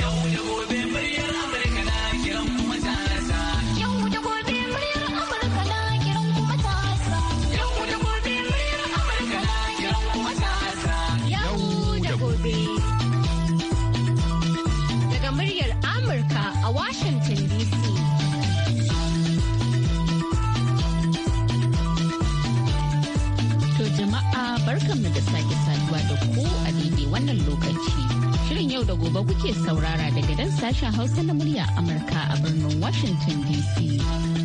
yo, yo. sashen Hausa na murya Amurka a birnin Washington DC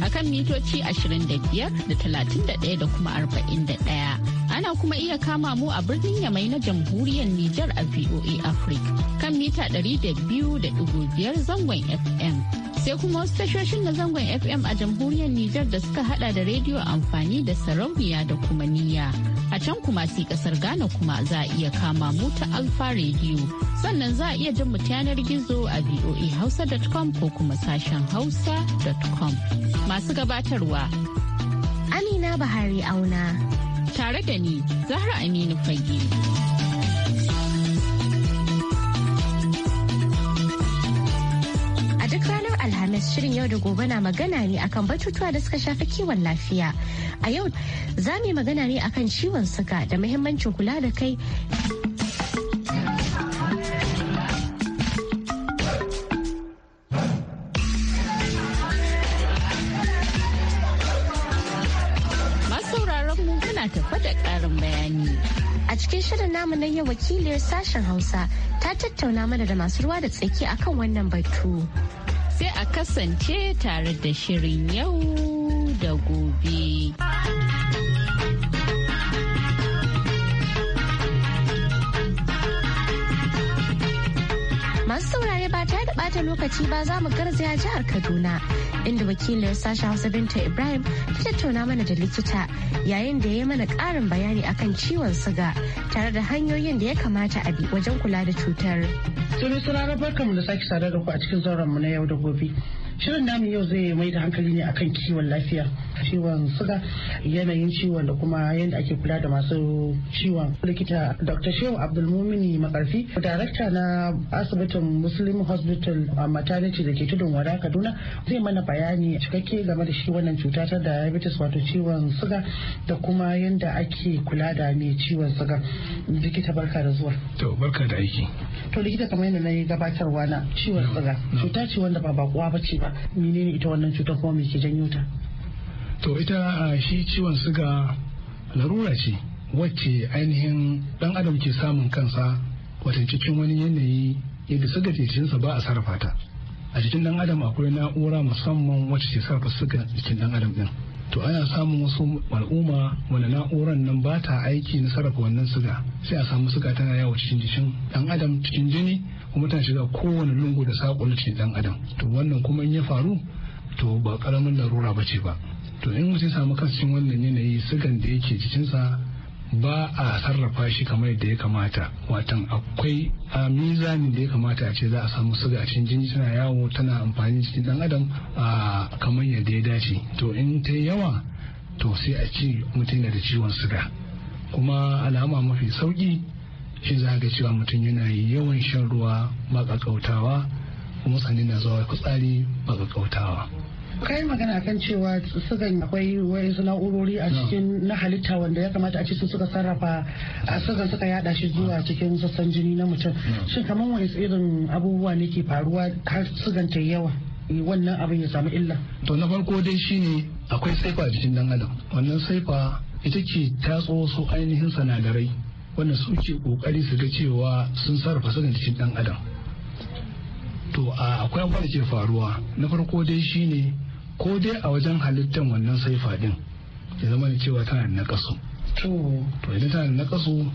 a kan mitoci 25 da 31 da kuma 41. Ana kuma iya kama mu a birnin Yamai na jamhuriyar Nijar a VOA Africa kan mita 200.5 zangon FM. Sai kuma wasu tashoshin na zangon FM a jamhuriyar Nijar da suka hada da rediyo amfani da sarauniya da kuma niyya. can kuma si kasar Ghana kuma za a iya kama mu ta Alfa Radio. Sannan za a iya jin mu yanar gizo a voahausa.com ko kuma sashen hausa.com. Masu gabatarwa. Amina Bahari Auna. Tare da ni, Zahra Aminu Fage. shirin yau da gobe na magana ne akan batutuwa da suka shafi kiwon lafiya. A yau za mu yi magana ne akan ciwon suga da muhimmancin kula da kai. A cikin shirin namu na yau wakiliyar sashen Hausa ta tattauna mana da masu ruwa da tsaki akan wannan batu. kasance tare da shirin yau da gobe. Masu saurare ba ta da ɓata lokaci ba za mu garzaya jihar Kaduna inda wakilin sasha hausa binta ibrahim ta tattauna mana da likita yayin da ya yi mana karin bayani akan ciwon suga tare da hanyoyin da ya kamata a bi wajen kula da cutar. Tuni suna na mu da sake sadar da ku a cikin zauren mu na yau da gobe. Shirin namu yau zai mai da hankali ne akan kiwon lafiya. ciwon suga yanayin ciwon da kuma yadda ake kula da masu ciwon likita dr shehu abdulmumini makarfi darakta na asibitin muslim hospital a maternity da ke tudun wada kaduna zai mana bayani cikakke game da shi wannan cuta ta diabetes wato ciwon suga da kuma yadda ake kula da mai ciwon suga likita barka da zuwa to barka da aiki to likita kamar yadda na yi gabatarwa na ciwon suga cuta ce wanda ba bakuwa ba ce ba menene ita wannan cuta kuma me ke janyo ta to ita shi ciwon suga larura ce wacce ainihin dan adam ke samun kansa watan cikin wani yanayi yadda suga jikinsa ba a sarrafa ta a jikin dan adam akwai na'ura musamman wacce ke sarrafa suga jikin dan adam din to ana samun wasu al'umma wanda na'uran nan ba ta aiki na sarrafa wannan suga sai a samu suga tana yawo cikin jikin dan adam cikin jini kuma tana shiga kowane lungu da sakon cikin dan adam to wannan kuma in ya faru to ba karamin larura ba ce ba to in mutum samu kasin wannan yanayi sigan da yake cikinsa ba a sarrafa shi kamar yadda ya kamata watan akwai a mizanin da ya kamata a ce za a samu suga a cikin jini tana yawo tana amfani cikin dan adam a kamar yadda ya dace to in ta yawa to sai a ce mutum na da ciwon suga kuma alama mafi sauki shi za ga cewa mutum yana yawan shan ruwa ba ƙaƙautawa kuma sannan na zuwa kutsari ba ƙaƙautawa kai magana kan cewa sugan akwai wani na'urori a cikin na halitta wanda ya kamata a ce su suka sarrafa a sugan suka yada shi zuwa cikin sassan jini na mutum shin kamar wani irin abubuwa ne ke faruwa har sugan ta yawa eh, wannan abin ya samu illa to na farko dai shine akwai saifa a jikin dan adam wannan saifa ita ce tatso su ainihin sanadarai wanda suke kokari su ga cewa sun sarrafa sugan jikin dan adam to akwai abubuwa da ke faruwa na farko dai shine ko dai a wajen halittar wannan saifa din ya zama da cewa tana da nakasu to idan tana da nakasu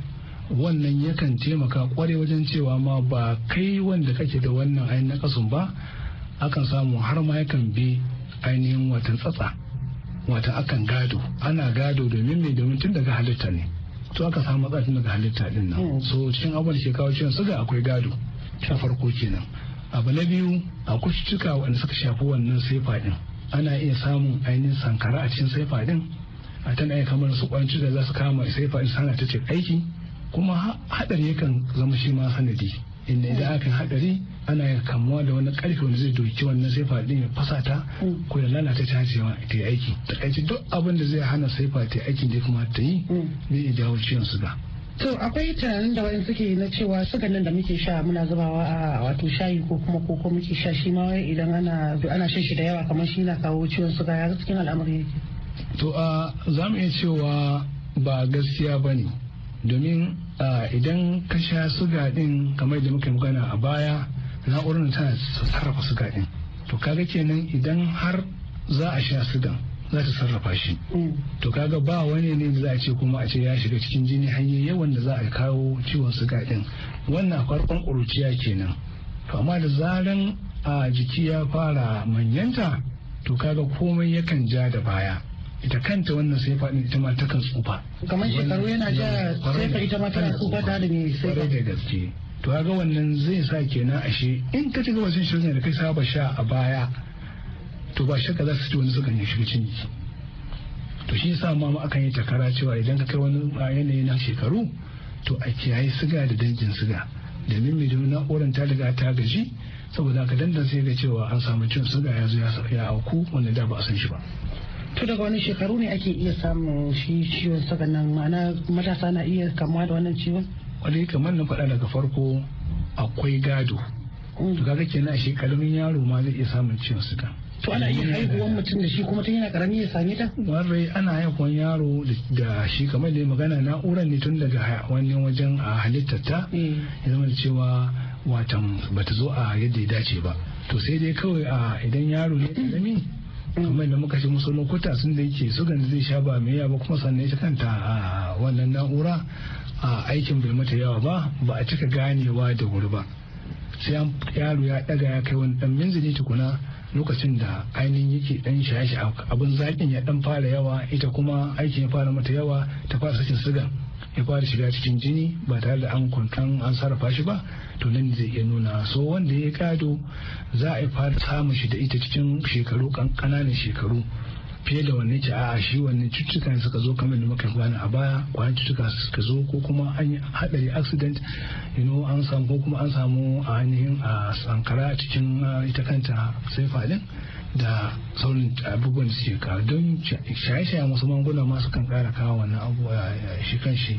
wannan yakan taimaka kware wajen cewa ma ba kai wanda kake da wannan ainihin nakasun ba akan samu har ma yakan bi ainihin watan tsatsa wata akan gado ana gado domin mai domin tun daga halitta ne to aka samu matsala daga halitta din nan hmm. so cikin abin da ke kawo ciwon suga akwai gado ta farko kenan abu na biyu a cututtuka wanda suka shafi wannan sai din ana iya samun ainihin sankara a cikin saifa din a tana iya kamar su kwanci da za su kama saifa in sana ta ce aiki kuma hadari yakan zama shi ma sanadi inda idan akan hadari ana iya kamuwa da wani karfe wanda zai doki wannan saifa din ya fasa ta mm. ko ya lalata ta ma ta yi aiki takaici duk abin da zai hana saifa ta yi aikin da kuma ta yi zai mm. iya jawo ciwon suga to akwai tunanin da wa'in suke na cewa sugan nan da muke sha muna zubawa a wato shayi ko kuma koko muke sha shi ma idan ana shan shi da yawa kamar shi na kawo ciwon suga ya cikin al'amari yake to a za mu iya cewa ba gaskiya ba ne domin idan ka sha suga din kamar da muka magana a baya na'urar tana sarrafa suga din to kaga kenan idan har za a sha sugan za ta sarrafa shi mm. to kaga ba wani ne da za a ce kuma a ce ya shiga cikin jini hanyoyi yawan da za a kawo ciwon suga din wannan farkon ƙuruciya kenan to amma da zaran a jiki ya fara manyanta to kaga komai yakan ja da baya ita kanta wannan sai faɗin ita ma takan tsufa kamar shekaru yana ja sai ita ma tana tsufa ta da ne sai da gaske to kaga wannan zai sa kenan ashe in ka ci gaba sun shirin da kai saba sha a baya to ba shakka za su ci wani sukan yi shircin jiki to shi yasa ma ma akan yi takara cewa idan ka kai wani yanayi na shekaru to a kiyaye siga da dangin siga domin mai domin na'urar ta riga ta gaji saboda ka dandan sai ga cewa an samu cin siga ya zo ya auku wanda da ba a san shi ba to daga wani shekaru ne ake iya samun shi ciwon saka nan ma'ana matasa na iya kamuwa da wannan ciwon wani kamar na faɗa daga farko akwai gado to kaga kenan a shekarun yaro ma zai iya samun ciwon suga To ana iya haihuwan mutum da shi kuma tun yana karami ya same ta warai ana haihuwan yaro da shi kamar da magana na'urar ne tun daga wani wajen a halittar ta mm. ya zama da cewa watan bata zo a yadda ya dace ba to sai dai kawai a idan yaro ne karami kamar da muka ce musu lokuta sun da yake sugan zai sha ba mai yaba kuma sannan ita kanta a wannan na'ura a aikin bai mata yawa ba ba a cika ganewa da wuri ba sai yaro ya daga ya kai wani dan minzini tukuna lokacin da ainihin yake dan shashi abin zakin ya dan fara yawa ita kuma aikin ya fara mata yawa ta fara sakin siga ya fara shiga cikin jini ba tare da an kwantan an sarrafa shi ba to nan zai iya nuna so wanda ya kado za a fara samun shi da ita cikin shekaru kananan shekaru fiye da wannan ci a shi wannan cututtuka ne suka zo kamar da muka a baya kwanan cututtuka suka zo ko kuma an yi hadari accident you know an samu ko kuma an samu a ainihin a sankara a cikin ita kanta sai da saurin abubuwan don shaye-shayen wasu magunguna masu kan kara kawo wannan abu shi kan shi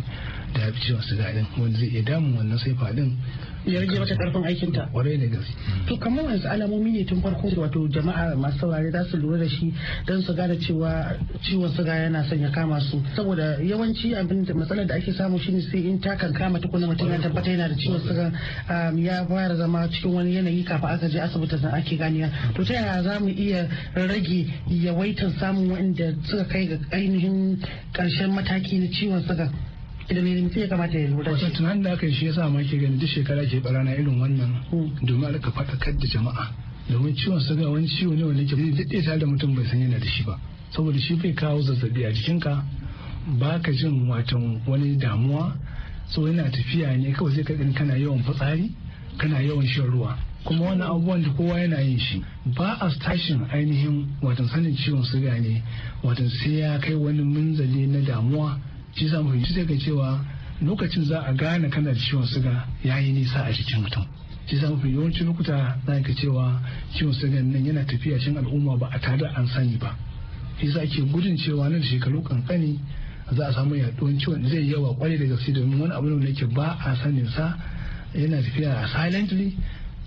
da ciwon siga din wanda zai iya damun wannan sai faɗin ya rage mata karfin aikin ta kwarai da gaske to kamar wasu alamomi ne tun farko wato jama'a masu saurare za su lura da shi don su gane cewa ciwon suga yana son kama su saboda yawanci abin da matsalar da ake samu shine sai in ta kan kama tukuna mutum ya tabbata yana da ciwon suga um, ya fara zama cikin wani yanayi kafin aka je asibiti zan ake ganiya to ta yaya za mu iya rage yawaitar samun wanda suka kai ga ainihin ƙarshen mataki na ciwon suga da me mutum ya kamata ya lura shi tunanin da aka yi shi yasa ma ke gani duk shekara ke barana irin wannan hmm. domin alka faɗakar da jama'a domin ciwon suga wani ciwo ne wanda ke daɗe tare da mutum bai san yana da shi ba saboda shi bai kawo zazzabi a jikinka ba ka jin watan wani damuwa so yana tafiya ne kawai sai ka kana yawan fitsari kana yawan shan ruwa kuma wani abubuwan da kowa yana yin shi ba a tashin ainihin watan sanin ciwon suga ne watan sai ya kai wani munzali na damuwa shi za mu shi ga cewa lokacin za a gane kana da ciwon suga ya yi nisa a cikin mutum shi za mu yawancin lokuta za ka cewa ciwon suga nan yana tafiya cikin al'umma ba a tare an sani ba shi za ke gudun cewa nan da shekaru kankani za a samu yaduwan ciwon zai yawa kwarai da gaske domin wani abu ne ke ba a sanin sa yana tafiya a silently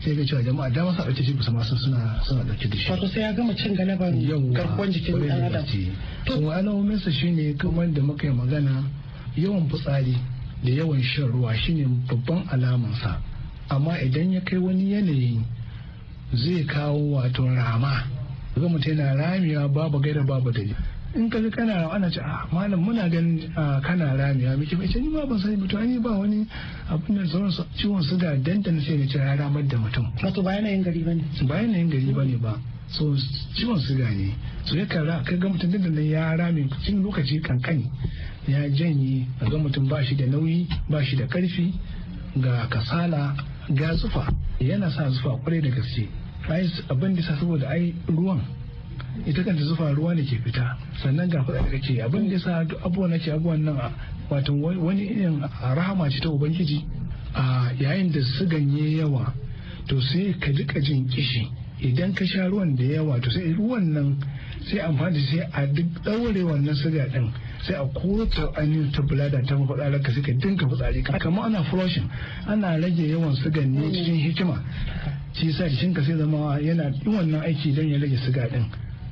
sai ga cewa jama'a dama sa ɗauke shi masu suna suna ɗauke da shi. Wato sai ya gama cin galaban garkuwar jikin ɗan adam. To alamominsa shine kamar da muka yi magana yawan fitsari da yawan shan ruwa shine babban sa amma idan ya kai wani yanayi zai kawo wato rama. ga mutum yana ramiya babu gaira babu dalili in ka kana ana ce a ah, malam muna ganin ah, kana ramiya miki bai ni ma ban sani ba to yi ba wani abin da sauran ciwon suga dandan sai ne ce ya ramar da mutum wato ba yanayin gari bane ba yanayin gari bane ba so ciwon suga ne so ya kara ka ga mutum dandan ya rame cikin lokaci kankani ya janye ga mutum ba shi da nauyi ba shi da karfi ga kasala ga zufa yana sa zufa kwarai da gaske bayan abin da saboda ai ruwan ita kanta zufa ruwa ne ke fita sannan ga fada da ce abin da sa duk abubuwan na ce abubuwan nan wato wani irin rahama ce ta ubangiji a yayin da su ganye yawa to sai ka duka jin kishi idan ka sha ruwan da yawa to sai ruwan nan sai amfani sai a duk daure wannan siga ɗin sai a kota ainihin ta bulada ta mafaɗa ka sai ka dinka fitsari kamar ana flushing ana rage yawan sigan ne cikin hikima shi sa jikinka sai zama yana yin wannan aiki don ya rage siga din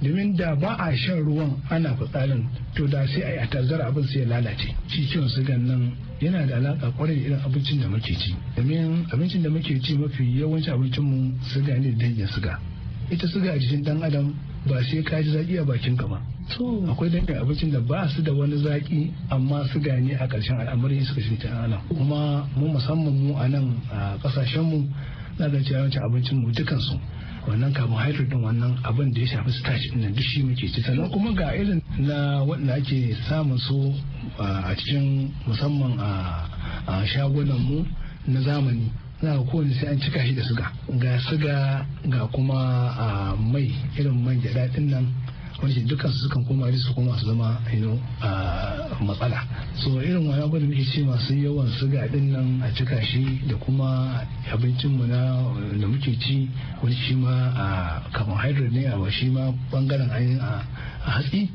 domin da ba a shan ruwan ana fitsarin to da sai a yi atazara abin sai ya lalace shi ciwon sigan nan yana da alaka kwarai da irin abincin da muke ci domin abincin da muke ci mafi yawancin abincinmu siga ne dangin siga ita siga a jikin dan adam ba sai ka ji zaki a bakin ka ba akwai dangin abincin da ba su da wani zaki amma siga ne a ƙarshen al'amari suka shi ta kuma mu musamman mu a nan a kasashen mu na ga cewa yawancin abincin mu dukansu wannan carbohydrate din wannan abin da ya shafi starch din duk shi muke ci sannan kuma ga irin na wanda ake samun su a cikin musamman a shagunan mu na zamani za ga kowane sai an cika shi da suga ga suga ga kuma mai irin man gyada din nan Wani shi dukkan su sukan koma su koma su zama matsala so irin wani abu da muke ce masu yawan suga din nan a cika shi da kuma abincin mu na da muke ci wani shi ma a carbohydrate ne a shi ma bangaren ainihin a hatsi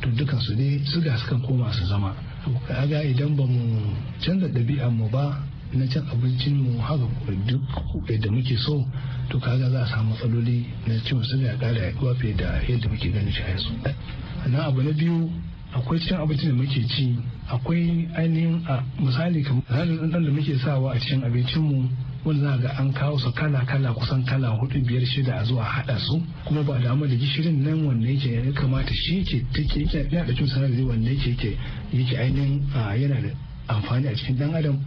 to dukkan su suga sukan koma su zama kaga idan ba mu canza ɗabi'ar mu ba na cin abincin mu haka duk yadda muke so to kaga za a samu matsaloli na cin suga ya kara yaduwa fiye da yadda muke ganin shi yanzu na abu na biyu akwai cin abincin da muke ci akwai ainihin a misali kamar da muke sawa a cikin abincin mu wanda za ga an kawo su kala kala kusan kala hudu biyar shida a zuwa hada su kuma ba da da gishirin nan wanda yake ya kamata shi ke take yake da cin da wanda yake yake ainihin yana da amfani a cikin dan adam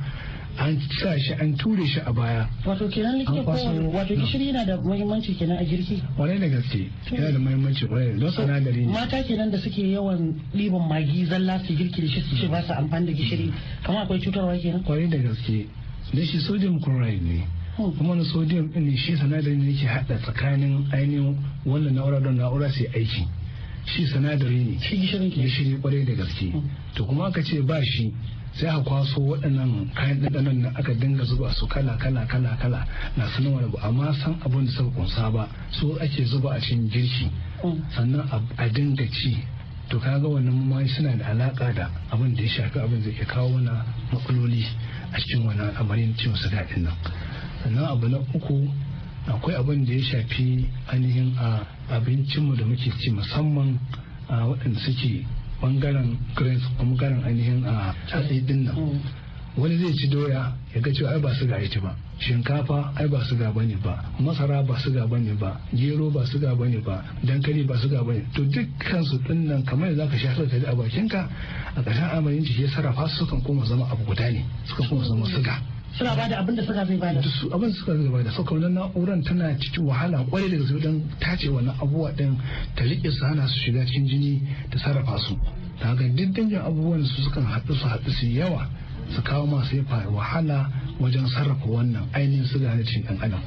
an sa shi an ture shi a baya wato kenan likita ko wato gishiri yana da muhimmanci kenan a girki kwarai da gaske yana da muhimmanci kwarai da sanadari ne mata kenan da suke yawan ɗiban magi zalla su girki da shi su ce ba su amfani da gishiri kamar akwai cutarwa kenan kwarai da gaske da shi sodium chloride ne hmm. kuma na sodium ɗin ne shi sanadarin ne ke haɗa tsakanin ainihin wannan na'ura don na'ura sai aiki shi sanadari ne shi gishirin gishiri kwarai da gaske hmm. to kuma aka ce ba shi sai a kwaso waɗannan kayan ɗanɗanon na aka dinga zuba su kala kala kala kala na sanin wani ba amma san abin da suka kunsa ba so ake zuba a cikin girki mm. sannan a dinga ci to kaga wannan ma suna da alaka da abin da ya shafi abin zai kawo wani matsaloli a cikin wani al'amarin ciwon suga nan sannan abu na uku akwai abin da ya shafi ainihin a abincinmu da muke ci musamman a waɗanda suke bangaren grains kuma bangaren ainihin ah, a hatsi din nan mm. wani zai ci doya ya ga cewa ai ba suga ya ci ba shinkafa ai ba suga bane ba masara ba suga bane ba gero ba suga bane ba dankali ba suga bane to dukkan su din nan kamar za zaka shafa ka a ka a ƙarshen amarin shi ya sarrafa su sukan koma zama abu guda ne sukan koma zama suga suna bada abin da suka zai bada su abin suka zai bada so kamar na'uran tana cikin wahala kwarai da gaske don tace wannan abubuwa din ta rike su hana su shiga cikin jini ta sarrafa su ta ga dindindin abubuwan su sukan haɗu su haɗu su yawa su kawo masu yafa wahala wajen sarrafa wannan ainihin suga na cikin ɗan adam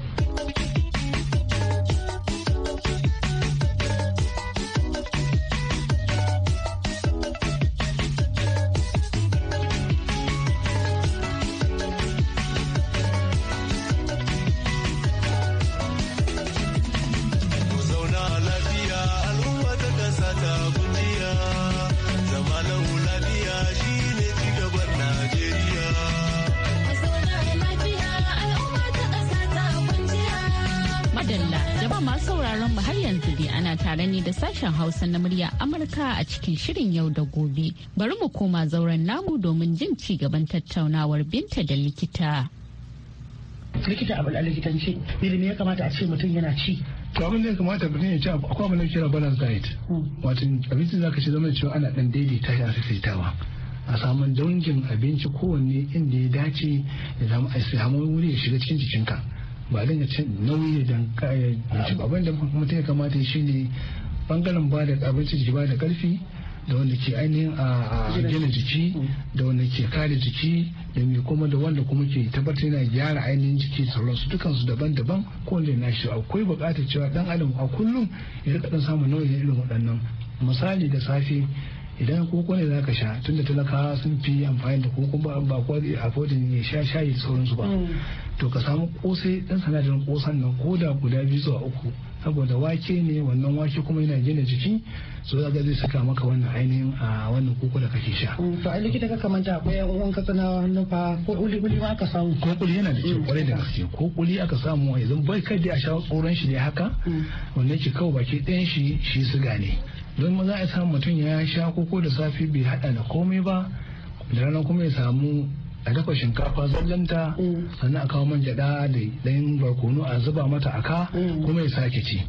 sauraron mu har yanzu dai ana tare ne da sashen Hausa na murya Amurka a cikin shirin yau da gobe. Bari mu koma zauren namu domin jin ci gaban tattaunawar binta da likita. Likita abu da likitanci, ilimi ya kamata a ce mutum yana ci to abin da kamata mutum ya ci akwai abin da kira balance diet wato abinci za ka ci cewa ana dan daidaita shi a saisaitawa a samun dangin abinci kowanne inda ya dace ya zama a samu wuri ya shiga cikin jikinka ba dinga cin nauyi da ci abin da mutum ya kamata shi ne bangaren ba da abinci da ba da karfi da wanda ke ainihin a gina jiki mm. da wanda ke kare jiki da mai kuma da wanda kuma ke tabbatar yana gyara ainihin jiki sauransu dukansu daban-daban ko wanda na shi akwai bukatar cewa dan adam a kullum ya rika dan samun nauyin irin waɗannan misali da safe idan koko ne zaka sha tunda talakawa sun fi amfani da koko ba ba ko a fodin ne sha shayi da sauransu ba mm. to ka samu kosai dan sanadin kosan nan ko da guda biyu zuwa uku saboda wake ne wannan wake kuma yana gina jiki so za ga zai saka maka wannan ainihin a wannan koko da kake sha. Mm, to a likita ka kamanta akwai yan uwan ka tsana wannan fa ko kuli kuli ma aka samu. ko kuli yana da kyau kwarai da gaske ko kuli aka samu yanzu bai kai a sha tsoron shi ne haka mm. wannan ki kawo baki ɗayan shi shi siga ne. don za a samu mutum ya sha koko da safi bai hada da komai ba da rana kuma ya samu a dafa shinkafa zallanta sannan a kawo man gyada da ɗayan barkono a zuba mata aka kuma ya sake ci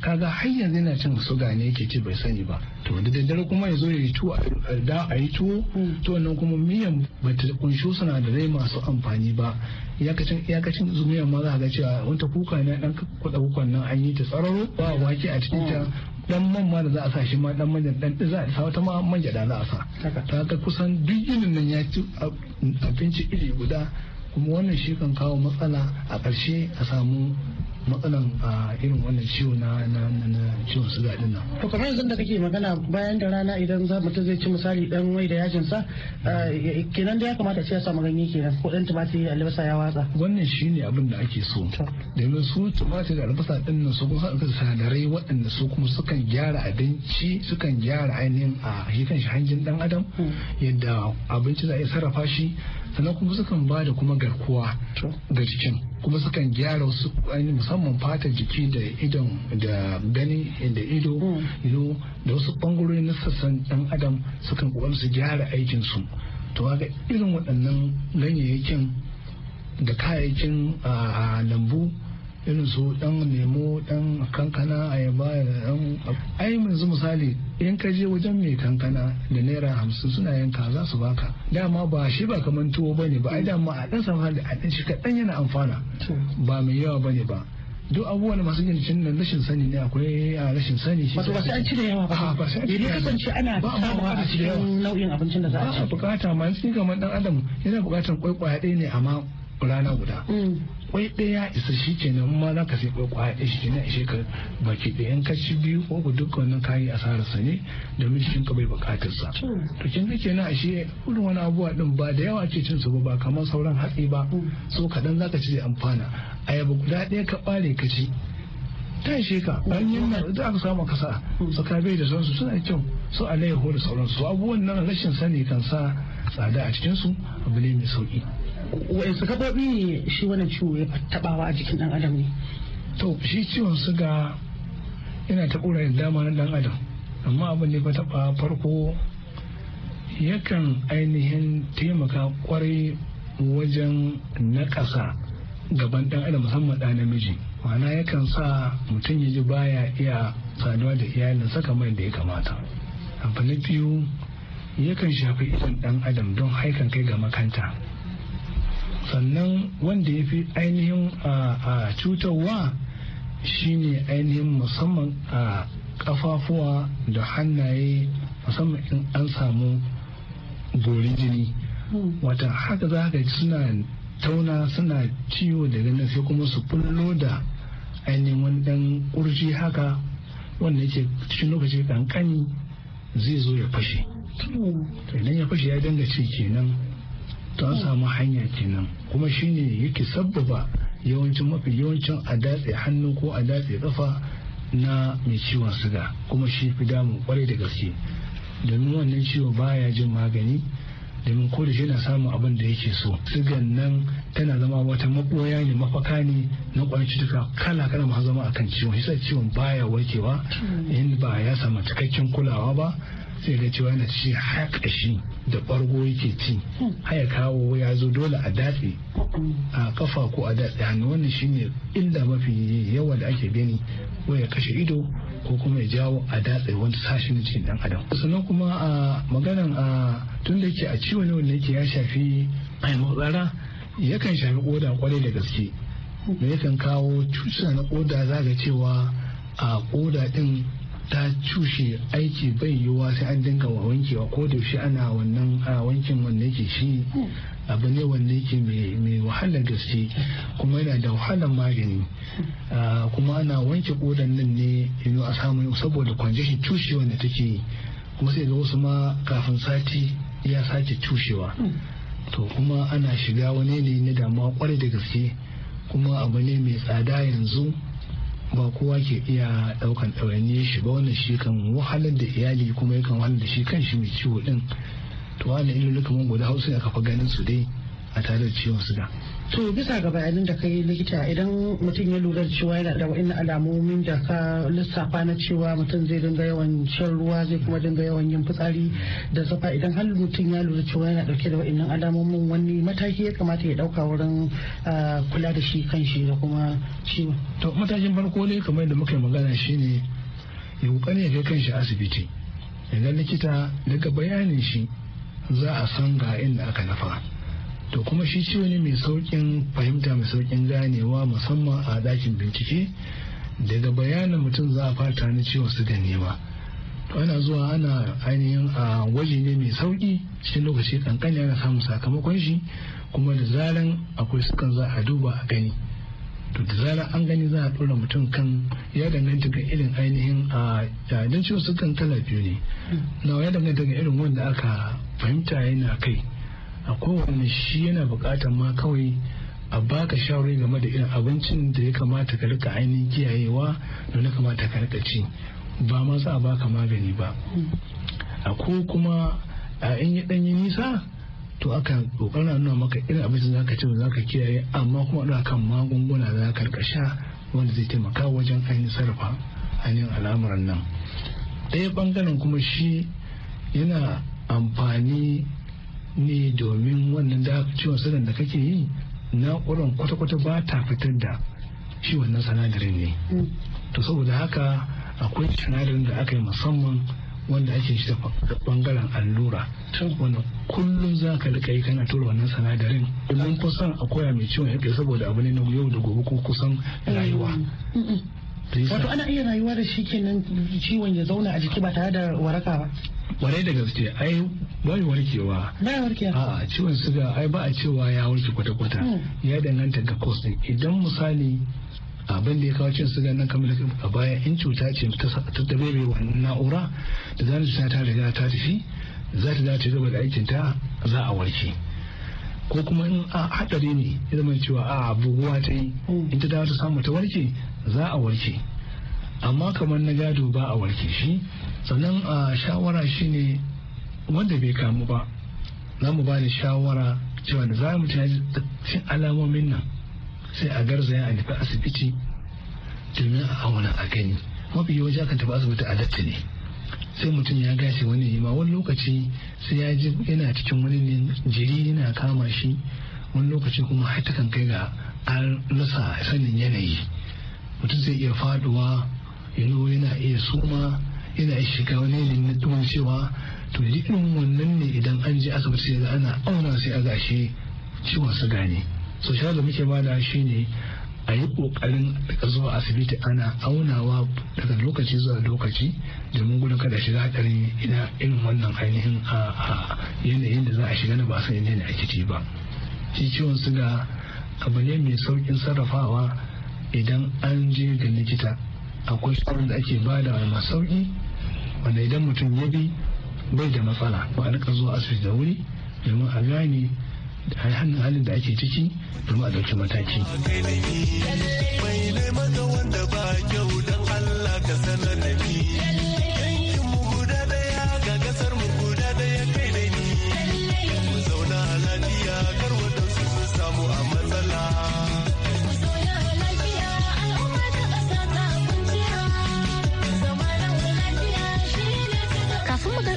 kaga har yanzu yana cin suga ne yake ci bai sani ba to da daddare kuma ya zo ya yi tuwo da a yi tuwo to wannan kuma miyan ba ta kunshi sinadarai masu amfani ba iyakacin iyakacin zumiyan ma za ga cewa wata kuka ne ɗan kuɗa kukan nan an yi ta tsararo ba wake a cikin ta dan man ma da za a sa shi ma dan manja dan za a sa wata ma manja da za a sa ta ga kusan duk ginin nan ya ci abinci iri guda kuma wannan shi kan kawo matsala a ƙarshe a samu matsalan a irin wannan ciwo na ciwon suga din nan. To kamar yanzu da kake magana bayan da rana idan za mutum zai ci misali dan wai da yajin sa kenan da ya kamata ce ya samu ganye kenan ko dan tumatir albasa ya watsa. Wannan shine abin da ake so. Domin su tumatir da albasa din nan su kuma da sadarai waɗanda su kuma sukan gyara abinci sukan gyara ainihin a shi shi hanjin dan adam hmm. yadda abinci za a iya sarrafa shi sannan kuma sukan ba da kuma garkuwa ga jikin kuma sukan gyara wasu musamman fatar jiki da idon da gani da ido hmm. da wasu bangarori na sassan ɗan adam sukan kokarin su gyara aikin su to ga irin waɗannan ganyayyakin da kayayyakin ah, lambu irin su dan lemo dan kankana ayaba da dan ai yanzu misali in ka je wajen mai kankana da naira hamsin suna yanka za su baka dama ba shi ba kaman tuwo bane ba ai dama a dan samar da a dan shi kaɗan yana amfana ba mai yawa bane ba duk abubuwan masu yin nan rashin sani ne akwai a rashin sani shi wato ba sai an cire yawa ba ba sai an cire kasance ana ba a cikin nau'in abincin da za a ci bukata ma shi kamar dan adam yana bukatar kwaikwaya ɗaya ne amma rana guda kwai mm. ɗaya isa shi kenan ma za ka sai kwai kwaya ɗaya shi nan ishe ka baki ɗaya in kashi biyu ko ku duk wannan kayi asararsa ne domin shi ka bai bukatar sa to kin ga kenan ashe irin wani abubuwa din ba da yawa ce cin su ba kamar sauran hatsi ba mm. so kaɗan za ka ci amfana ayaba guda ɗaya ka ɓare ka ci ta shi ka ɗanyen nan da aka samu kasa tsaka mm. bai da sauransu suna kyau su alayyahu da sauransu abubuwan nan rashin sani kan sa tsada a cikinsu abu ne mai sauki wa'insu gaɓoɓi ne shi wannan ciwo ya taɓawa a jikin ɗan adam ne to shi ciwon suga yana ta ƙura da dama na ɗan adam amma abin da ya taɓa farko yakan ainihin taimaka kwarai wajen naƙasa gaban ɗan adam musamman ɗan namiji ma'ana yakan sa mutum ya ji baya iya saduwa da iyalin saka kamar da ya kamata amfani biyu yakan shafi idan ɗan adam don haikan kai ga makanta sannan wanda ya fi ainihin cutarwa shine ainihin musamman a kafafuwa da hannaye musamman in an samu gori jini hmm. wata haka za ka suna tauna suna ciwo daga nan sai kuma su fullo da ainihin wani dan kurji haka wanda yake cikin lokaci kankani zai zo ya fashe hmm. idan ya fashe ya danga ce kenan to an samu hanya kenan kuma shine yake sabbaba yawancin mafi yawancin a datse hannu ko a datse kafa na mai ciwon siga kuma shi fi damun kwarai da gaske domin wannan ciwo baya jin magani domin ko da shi yana samun abin da yake so sigan nan tana zama wata maboya ne mafaka ne na kwayan cutuka kala kala masu zama akan ciwon shi ciwon baya warkewa in ba ya samu cikakken kulawa ba sai ga cewa na shi da ɓargo yake ci haya kawo ya zo dole a dafe a kafa ko a datse hannu wannan ne illa mafi yawa da ake gani ko ya kashe ido ko kuma ya jawo a datse wani sashi na cikin dan adam sannan kuma a maganan a tun da yake a ciwo ne wanda yake ya shafi mai matsara yakan shafi koda kwarai da gaske me yakan kawo cuta na koda za ga cewa a ƙoda ɗin ta cushe aiki bai yiwuwa sai an dinga wankewa ko da shi ana wannan wankin wanda yake shi abu ne wanda yake mai wahalar gaske kuma yana da wahalar magani kuma ana wanke kodan nan ne yanzu a samu saboda kwanjashin cushewa da take yi kuma sai ga wasu ma kafin sati ya sake cushewa to kuma ana shiga wani ne na damuwa kwarai da gaske kuma abu ne mai tsada yanzu ba kowa ke iya daukan ɗawainiyar shi ba wannan shi kan wahalar da iyali kuma yakan wahalar da shi kan shi mai ciwo din to wani ilolin kamar guda hausa ya kafa ganin su dai a tare da ciwon suga to bisa ga bayanin da kai likita idan mutum ya lura cewa yana da wani alamomin da ka lissafa na cewa mutum zai dinga yawan shan ruwa zai kuma dinga yawan yin fitsari da zafa idan har mutum ya lura cewa yana dauke da wa'in alamomin wani mataki ya kamata ya dauka wurin ah, kula da shi kanshi da kuma ciwo to matakin farko ne kamar yadda muka yi magana shine ya kokari ya kai kanshi asibiti idan likita daga bayanin shi za a san ga inda aka nafa to kuma shi ciwo ne mai saukin fahimta mai saukin ganewa musamman a dakin bincike daga bayanin mutum za a fata na ciwon su gane ba to ana zuwa ana ainihin a gwaji ne mai sauki cikin lokaci kankani ana samun sakamakon shi kuma da zaran akwai sukan za a duba a gani to da zarar an gani za a tura mutum kan ya danganta ga irin ainihin a don ciwon kan kala biyu ne hmm. na ya danganta ga irin wanda aka fahimta yana kai a kowane shi yana bukatar ma kawai a baka shawarai game da irin abincin da ya kamata ka rika ainihin kiyayewa da na kamata ka rika ci ba ma za a baka magani ba ko kuma a in yi danyi nisa to aka kokarin nuna maka irin abincin za ka ci za ka kiyaye amma kuma da kan magunguna za ka rika sha wanda zai taimaka wajen ainihin sarrafa ainihin al'amuran nan ɗaya bangaren kuma shi yana amfani ne domin wannan da ciwon sanar da kake yi na'urar kwata-kwata ba ta fitar da shi wannan sanadarin ne mm. to saboda haka akwai sanadarin da aka yi musamman wanda ake shi da bangaren allura wanda kullum za ka rika yi kana tura wannan sanadarin domin kusan a koya mai ciwon yake saboda abu ne na yau da gobe ko kusan rayuwa mm. wato ana iya rayuwa da shi kenan ciwon ya zauna a jiki ba tare da waraka ba kwarai da gaske ai bai warkewa bai warkewa a ciwon suga ai ba a cewa ya warke kwata-kwata hmm. ya danganta ga kos din idan misali abin da ya kawo cin suga nan kamar a baya in cuta ce ta dabebe wa na'ura da zan ta ta riga ta tafi za ta dace gaba da aikin ta za a warke ko kuma in a hadari ne ya zama cewa a buguwa ta yi hmm. in ta dawo ta samu ta warke za a warke amma kamar na gado ba a warke shi sannan a shawara shine wanda bai kamu ba za mu ba da shawara cewa da za mu cin alamomin nan sai a garzaya a nufi asibiti domin a auna a gani mafi yawanci kan tafi asibiti a latta ne sai mutum ya gashi wani ma wani lokaci sai ya ji yana cikin wani ne jiri yana kama shi wani lokaci kuma har takan kai ga an rasa sanin yanayi mutum zai iya faduwa yazo yana iya suma yana shiga wani yanayin na cewa to irin wannan ne idan an je asibiti da ana auna sai a gashi ciwon suga ne so da muke bada shi ne a yi kokarin daga zuwa asibiti ana aunawa daga lokaci zuwa lokaci domin gudun kada shiga hadarin ina irin wannan ainihin a yanayin da za a shiga na ba san yanayin ake ci ba shi ciwon suga abu ne mai saukin sarrafawa idan an je ga likita akwai tsarin da ake bada mai sauki wanda idan mutum ya bi bai da matsala ba a rika zuwa asibiti da wuri domin a gane da hannun halin da ake ciki domin a ɗauki mataki. Mai wanda ba kyau don Allah ka sanar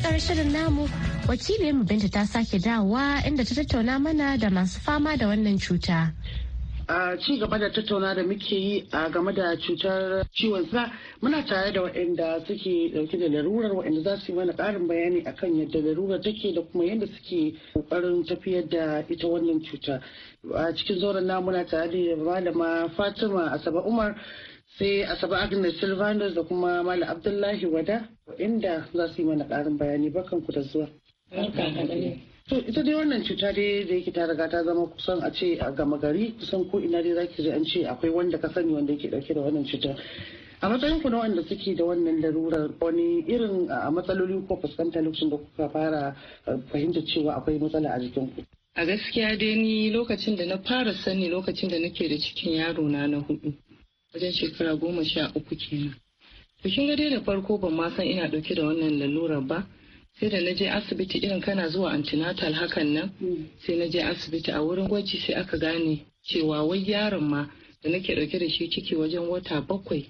tsakar shirin namu wakilin binta ta sake dawowa inda ta tattauna mana da masu fama da wannan cuta. a ci gaba da tattauna da muke yi a game da cutar ciwon sa muna tare da waɗanda suke dauke da larurar waɗanda za su yi mana ƙarin bayani akan yadda larurar take da kuma yadda suke ƙoƙarin tafiyar da ita wannan cuta a cikin zauren na muna tare da malama fatima asaba umar sai asaba agnes silvanus da kuma malam abdullahi wada inda za su yi mana ƙarin bayani bakan ku da zuwa. To ita dai wannan cuta dai da yake ta riga ta zama kusan a ce a gama gari kusan ko ina dai zaki ji an ce akwai wanda ka sani wanda yake dauke da wannan cuta. A matsayin ku na wanda suke da wannan larurar wani irin a matsaloli ko fuskanta lokacin da kuka fara fahimtar cewa akwai matsala a jikin ku. A gaskiya dai ni lokacin da na fara sani lokacin da nake da cikin yaro na na hudu wajen shekara goma sha uku kenan. kin ga da farko ban ma san ina dauke da wannan lalurar ba sai da na je asibiti irin kana zuwa antinatal hakan nan mm. sai na je asibiti a wurin gwaji sai aka gane cewa wai yaron ma da nake dauke da shi ciki wajen wata bakwai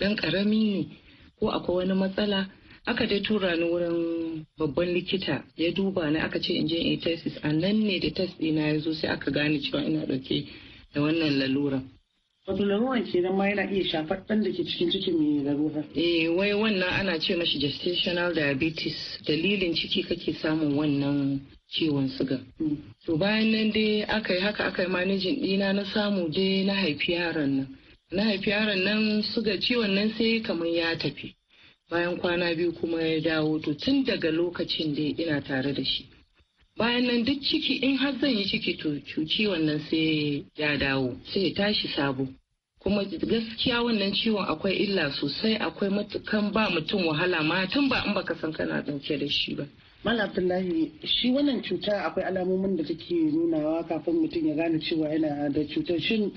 dan karami ne ko akwai wani matsala aka dai tura ni wurin babban likita ya duba ni aka ce in je in tesis a nan ne da test ɗina ya zo sai aka gane cewa ina dauke da wannan laluran wato laruran kenan ma yana iya shafar ɗan da ke cikin ciki mai larura. Eh wai wannan ana ce mashi gestational diabetes dalilin ciki kake samun wannan ciwon suga. Hmm. To bayan nan dai aka yi haka aka yi manajin ɗina na samu dai na haifi yaron nan. Na haifi yaron nan suga ciwon nan sai kamar ya tafi. Bayan kwana biyu kuma ya dawo to tun daga lokacin dai ina tare da shi. bayan nan duk ciki in har zan yi ciki to ciwon nan sai ya dawo sai ya tashi sabo kuma gaskiya wannan ciwon akwai illa sosai akwai matukan ba mutum wahala ma tun ba in baka san kana dauke da shi ba Mala Abdullahi shi wannan cuta akwai alamomin da take nunawa kafin mutum ya gane cewa yana da cuta shin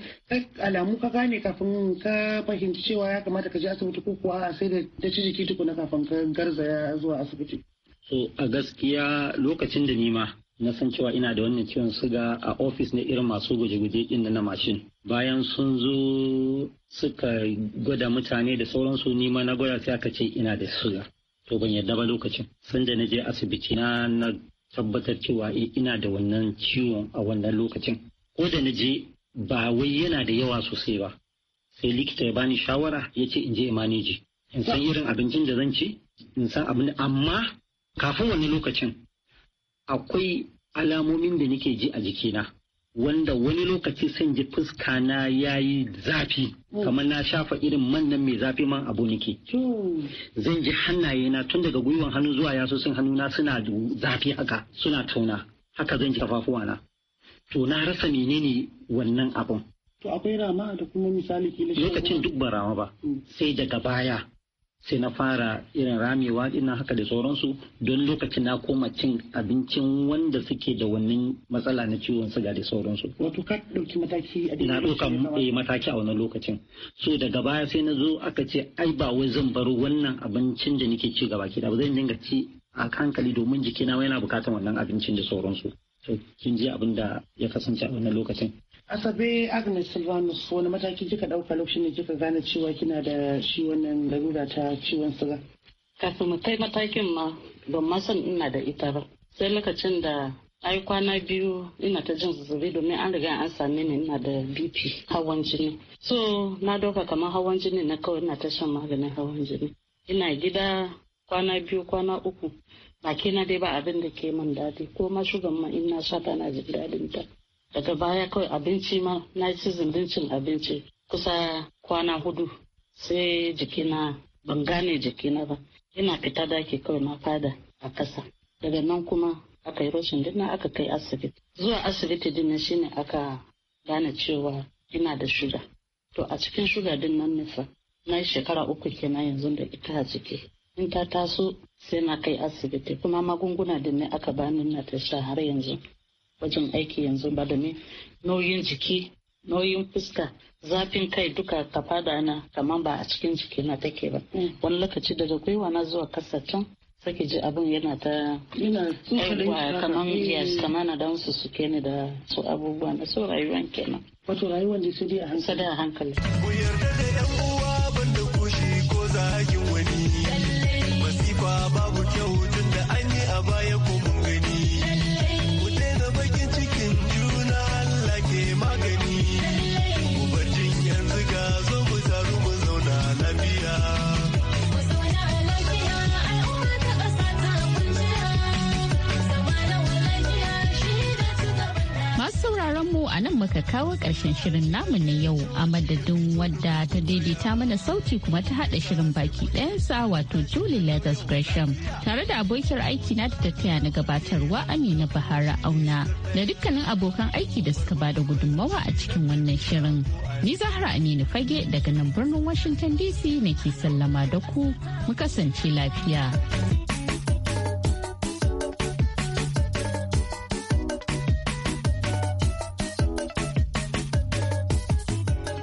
alamu ka gane kafin ka fahimci cewa ya kamata ka je asibiti ko kuwa a sai da ci jiki tukuna kafin ka garzaya zuwa asibiti. So a gaskiya lokacin da nima na san cewa ina da wannan ciwon suga a ofis na irin masu guje-guje din na mashin bayan sun zo suka gwada mutane da sauransu nima na gwada sai aka ce ina da suga to ban yarda ba lokacin sanda na je asibiti na na tabbatar cewa eh, ina da wannan ciwon a wannan lokacin ko da na je ba wai yana da yawa sosai ba sai likita ya bani shawara ya ce in je maneji in san irin abincin da zan ci in san abin amma kafin wani lokacin akwai alamomin da nake ji a jikina wanda wani lokaci sun ji fuska na yi zafi hmm. kamar na shafa irin mannan mai zafi man abu nake hmm. zan ji hannaye na tun daga gwiwan hannu zuwa yasusun hannu na suna zafi haka suna tauna haka zan ji kafafuwa na to na rasa menene wannan abun to akwai rama da kuma misali lokacin duk ba rama ba hmm. sai daga baya sai na fara irin ramewa ina haka da sauransu don lokacin na koma cin abincin wanda suke da wannan matsala na ciwon suga da sauransu. Wato ka ɗauki mataki a Na ɗauka eh, mataki a wannan lokacin. So daga baya sai na zo aka ce ai ba wai zan bar wannan abincin da nake ci gaba da ba zan dinga ci a hankali domin jikina yana buƙatar wannan abincin da sauransu. To kin ji abin da ya kasance a wannan lokacin. asabe agnes silvanus wani mataki kika ɗauka lokacin da kika gane cewa kina da shi wannan larura ta ciwon siga kafin mu kai matakin ma ban ma san ina da ita ba sai lokacin da ai kwana biyu ina ta jin zazzabi domin an riga an same ni ina da bp hawan jini so na doka kamar hawan jini na kawai ina ta shan maganin hawan jini ina gida kwana biyu kwana uku baki na dai ba abin da ke man daɗi ko ma shugan ma ina sha ta na jin daɗin ta daga baya kawai abinci ma na yi zindin cin abinci kusa kwana hudu sai jikina ban gane jikina ba ina fita daki kawai na fada a kasa daga nan kuma aka yi rashin dina aka kai asibiti zuwa asibiti din shine aka gane cewa ina da shuga to a cikin shuga din nan nufa na yi shekara uku kenan yanzu da ita a ciki in ta taso sai na kai asibiti kuma magunguna din ne aka bani na ta sha har yanzu wajen aiki yanzu ba da ni. nauyin jiki nauyin fuska zafin kai duka ka fada ana kamar ba a cikin jiki na take ba mm. wani lokaci daga gwiwa na zuwa kasa can sake ji abin yana ta aiwa kamar eh. yes kamar na dan su suke ni da su abubuwa na so rayuwan kenan wato rayuwan da su dai a hankali a hankali kawo ƙarshen shirin namu na yau a madadin wadda ta daidaita mana sauti kuma ta haɗa shirin baki ɗayansa wato Julie Leathers Gresham tare da abokiyar aiki na ta tattaya na gabatarwa Amina Bahara Auna da dukkanin abokan aiki da suka bada gudunmawa a cikin wannan shirin. Ni Zahra Aminu Fage daga nan birnin Washington DC nake sallama da ku mu kasance lafiya.